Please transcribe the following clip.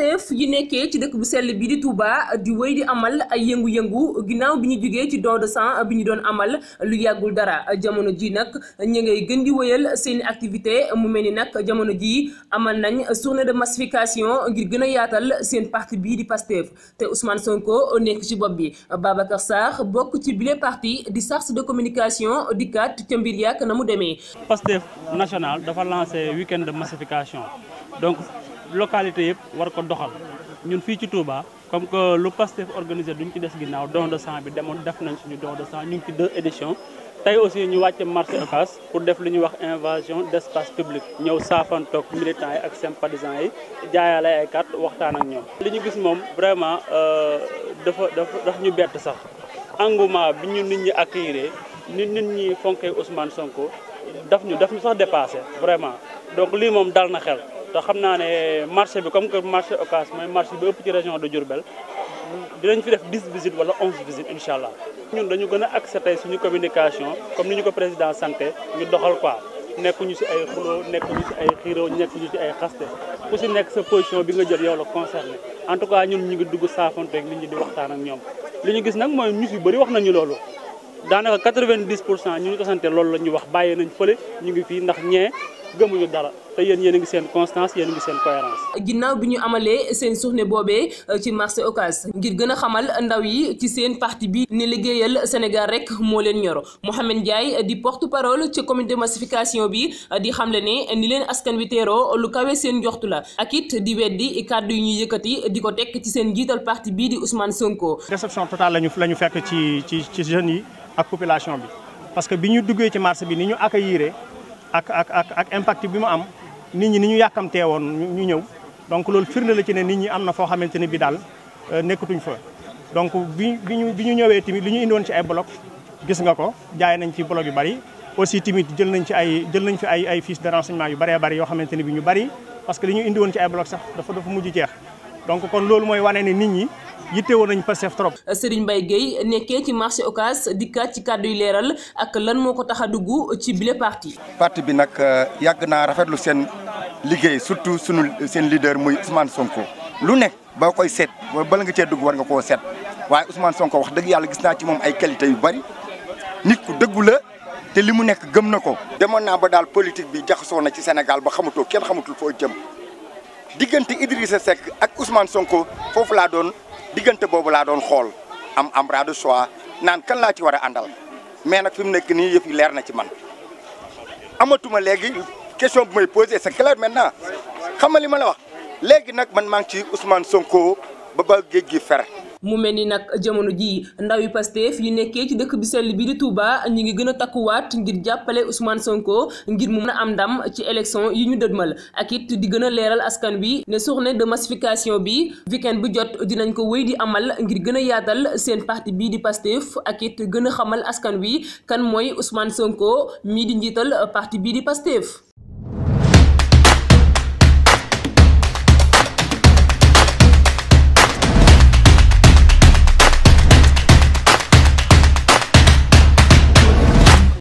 Pastef yi nekkee ci dëkk bu sell bi di Touba di wéy di amal ay yëngu-yëngu ginnaaw bi ñu jugee ci don de sang bi ñu doon amal lu yàggul dara jamono ji nag ñu ngay gën di wéyal seen activité mu mel ni nag jamono ji amal nañ journée de massification ngir gën a yaatal seen parti bii di Pastef te Ousmane Sonko nekk ci bopp bi Babacar Sarr bokk ci bile parti di chargé de communication di ca mbir yàq na mu demee. Pastef national dafa lancé week localité yëpp war ko doxal ñun fii ci Touba comme que lu Pastef organisé ñu ci des ginnaaw don de sang bi demoon def nañ suñu don de sang ñu ngi ci deux éditions tey aussi ñu wàcce marché Ocass pour def lu ñu wax invasion d' espace public ñëw saafantoog militants yi ak sympathisants yi jaayaale ay carte waxtaan ak ñoom. li ñu gis moom vraiment euh, dafa dafa daf ñu bett sax engouement bi ñu nit ñi ak nit nit ñi fonkee Ousmane Sonko daf ñu daf ñu sax dépassé vraiment donc lii moom dal na te xam naa ne marché bi comme que marché Ocass mooy marché bi ëpp ci région de Diourbel dinañ fi def 10 visites wala 11 visites incha allah. ñun dañu gën a accès tey suñu communication comme ni ñu ko président santé ñu doxal nekk ñu si ay xuloo nekkuñu ci ay xiiroo nekkuñu ci ay xaste ku si nekk sa position bi nga jël yow la concerné en tout cas ñun ñu ngi dugg saafonteeg nit ñi di waxtaan ak ñoom li ñu gis nag mooy ñu ci bëri wax nañu loolu. daanaka quatre vingt pour cent ñu ngi ko sante loolu la ñu wax bàyyi nañ fële ñu ngi fii ndax ñee gëmuñu dara te yéen yéen a ngi seen constance yéen a ngi seen cohérence ginnaaw bi ñu amalee seen ne boobee ci marché Ocass ngir gën a xamal ndaw yi ci seen parti bi ni liggéeyal Sénégal rek moo leen ñoro Mouhamed Ndiaye di porte parole ci comité de massification bi di xamle ne ni leen askan wi teeroo lu kawe seen joxtu la ak it di weddi kàddu yu ñuy yëkkati di ko tekk ci seen jiital parti bii di Ousmane Sonko. déception totale lañu la ñu fekk ci ci ci jeunes yi. ak population bi. parce que bi ñu duggee ci marché bi ni ñu accueillir ak ak ak ak impact bi mu am nit ñi ni ñu yàkkamtee woon ñu ñëw donc loolu firnde la ci ne nit ñi am na foo xamante ne bi daal euh, nekkatuñ fa. donc bi bi ñu bi ñu ñëwee tamit li ñu indoon ci ay bloc gis nga ko jaay nañ ci bloc yu bari aussi tamit jël nañ ci ay jël nañ fi ay ay fiches de renseignement yu bëree bëri yoo xamante ne bi ñu bëri parce que li ñu indiwoon ci ay bloc sax dafa dafa mujj jeex donc kon loolu mooy wane ne nit ñi yitte woon nañ Pastef trop. Serigne Mbaye Guèye nekkee ci marché Ocass dikkaat ci kàddu yu leeral ak lan moo ko tax a dugg ci bile parti. parti bi nag euh, yàgg naa rafetlu seen liggéey surtout sunu seen leader muy Ousmane Sonko. lu nekk boo koy seet bala nga cee dugg war nga koo seet waaye Ousmane Sonko wax dëgg yàlla gis naa ci moom ay qualité yu bari nit ku dëggu la. te li mu nekk gëm na ko. demoon naa ba daal politique bi jaxasoo na ci Sénégal ba xamutoo kenn xamutul foo jëm diggante Idrissa Seck ak Ousmane Sonko foofu laa doon. diggante boobu laa doon xool am am ra de choix naan kan laa ci war a àndal mais nag fi mu nekk nii yëf yi leer na ci man amatuma léegi question bu may posé c'est clair maintenant xam nga li ma la wax léegi nag man maa ngi ci Ousmane Sonko ba ba géej gi fer mu mel ni nag jamono jii ndaw yu Pastef yi nekkee ci dëkk bi sell bi di Touba ñu ngi gën a takkuwaat ngir jàppale Ousmane Sonko ngir mu mën a am ndam ci élection yi ñu dëdmal ak it di gën a leeral askan wi ne journée ne massification bi weekend bu jot dinañ ko woy di amal ngir gën a yaatal seen parti bii di Pastef ak it gën a xamal askan wi kan mooy Ousmane Sonko mii di njiital parti bii di Pastef